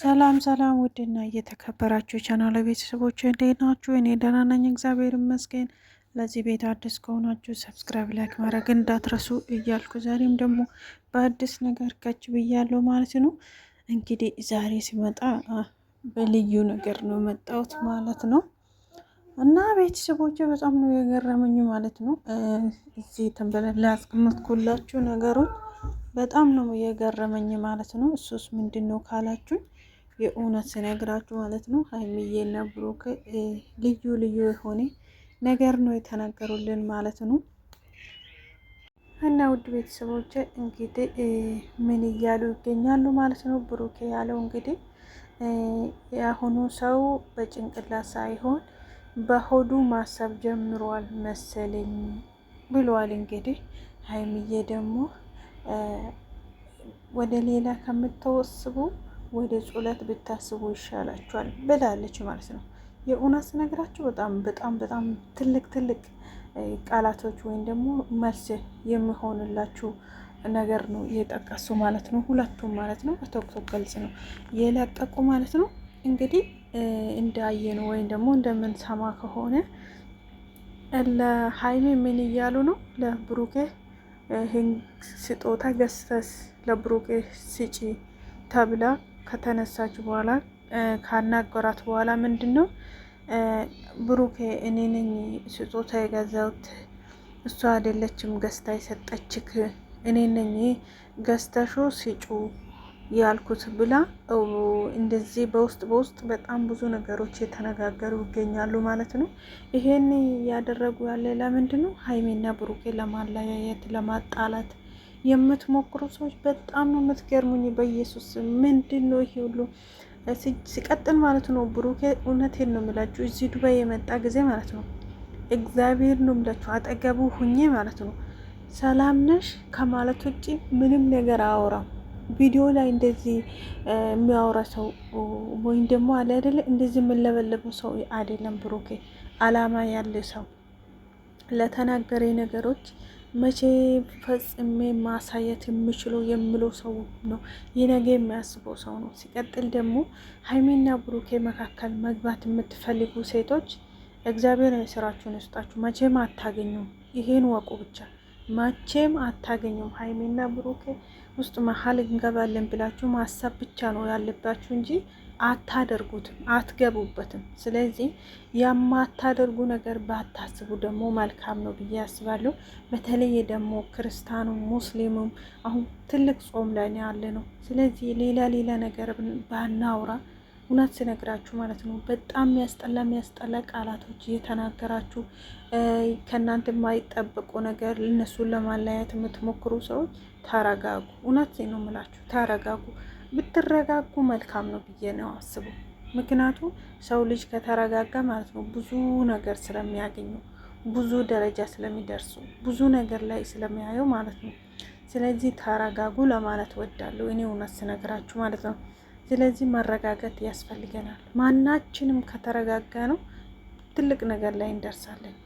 ሰላም ሰላም፣ ውድና እየተከበራችሁ የቻናል ቤተሰቦች እንዴት ናችሁ? እኔ ደህና ነኝ፣ እግዚአብሔር ይመስገን። ለዚህ ቤት አዲስ ከሆናችሁ ሰብስክራይብ፣ ላይክ ማድረግ እንዳትረሱ እያልኩ ዛሬም ደግሞ በአዲስ ነገር ከች ብያለሁ ማለት ነው። እንግዲህ ዛሬ ሲመጣ በልዩ ነገር ነው መጣሁት ማለት ነው እና ቤተሰቦች በጣም ነው የገረመኝ ማለት ነው። እዚህ ተንበለ ያስቀመጥኩላችሁ ነገሮች በጣም ነው የገረመኝ ማለት ነው። እሱስ ምንድን ነው ካላችሁኝ የእውነት ስነግራችሁ ማለት ነው ሀይሚዬና ብሩክ ልዩ ልዩ የሆነ ነገር ነው የተናገሩልን ማለት ነው። እና ውድ ቤተሰቦች እንግዲህ ምን እያሉ ይገኛሉ ማለት ነው። ብሩክ ያለው እንግዲህ የአሁኑ ሰው በጭንቅላት ሳይሆን በሆዱ ማሰብ ጀምሯል መሰለኝ ብሏል። እንግዲህ ሀይሚዬ ደግሞ ወደ ሌላ ከምታወስቡ ወደ ጸሎት ብታስቡ ይሻላችኋል ብላለች ማለት ነው። የእውነት ስነግራችሁ በጣም በጣም በጣም ትልቅ ትልቅ ቃላቶች ወይም ደግሞ መልስ የሚሆንላችሁ ነገር ነው እየጠቀሱ ማለት ነው። ሁለቱም ማለት ነው በቶክቶክ ገልጽ ነው የለቀቁ ማለት ነው። እንግዲህ እንዳየነው ወይም ደግሞ እንደምንሰማ ከሆነ ለሀይሜ ምን እያሉ ነው? ለብሩኬ ስጦታ ገዝተሽ ለብሩኬ ስጪ ተብላ ከተነሳች በኋላ ካናገራት በኋላ ምንድን ነው ብሩኬ እኔ ነኝ ስጦታ የገዛሁት እሷ አይደለችም ገዝታ የሰጠችክ እኔ ነኝ ገዝተሾ ሲጩ ያልኩት ብላ እንደዚህ በውስጥ በውስጥ በጣም ብዙ ነገሮች የተነጋገሩ ይገኛሉ ማለት ነው። ይሄን ያደረጉ ያለ ለምንድን ነው ሀይሜና ብሩኬ ለማለያየት ለማጣላት የምትሞክሩ ሰዎች በጣም ነው የምትገርሙኝ። በኢየሱስ ምንድን ነው ይሄ ሁሉ ሲቀጥል ማለት ነው። ብሩኬ እውነቴን ነው የምላችሁ እዚህ ዱባይ የመጣ ጊዜ ማለት ነው እግዚአብሔር ነው የምላችሁ አጠገቡ ሁኜ ማለት ነው ሰላም ነሽ ከማለት ውጭ ምንም ነገር አያወራም። ቪዲዮ ላይ እንደዚህ የሚያወራ ሰው ወይም ደግሞ አለ አይደለ እንደዚህ የምንለበለቡ ሰው አይደለም ብሩኬ። አላማ ያለ ሰው ለተናገሬ ነገሮች መቼ ፈጽሜ ማሳየት የምችለው የምለው ሰው ነው። የነገ የሚያስበው ሰው ነው። ሲቀጥል ደግሞ ሀይሜና ብሩኬ መካከል መግባት የምትፈልጉ ሴቶች እግዚአብሔር የስራችሁን ይስጣችሁ። መቼም አታገኙም። ይሄን ወቁ ብቻ መቼም አታገኙም። ሀይሜና ብሩኬ ውስጥ መሀል እንገባለን ብላችሁ ማሰብ ብቻ ነው ያለባችሁ እንጂ አታደርጉትም፣ አትገቡበትም። ስለዚህ የማታደርጉ ነገር ባታስቡ ደግሞ መልካም ነው ብዬ አስባለሁ። በተለይ ደግሞ ክርስቲያኑም ሙስሊሙም አሁን ትልቅ ጾም ላይ ያለ ነው። ስለዚህ ሌላ ሌላ ነገር ባናውራ እውነት ስነግራችሁ ማለት ነው። በጣም የሚያስጠላ የሚያስጠላ ቃላቶች እየተናገራችሁ ከእናንተ የማይጠበቁ ነገር እነሱን ለማለያየት የምትሞክሩ ሰዎች ተረጋጉ። እውነት ነው የምላችሁ ተረጋጉ። ብትረጋጉ መልካም ነው ብዬ ነው አስቡ። ምክንያቱም ሰው ልጅ ከተረጋጋ ማለት ነው ብዙ ነገር ስለሚያገኙ ብዙ ደረጃ ስለሚደርሱ ብዙ ነገር ላይ ስለሚያየው ማለት ነው። ስለዚህ ተረጋጉ ለማለት ወዳለሁ እኔ እውነት ስነግራችሁ ማለት ነው። ስለዚህ መረጋጋት ያስፈልገናል። ማናችንም ከተረጋጋ ነው ትልቅ ነገር ላይ እንደርሳለን።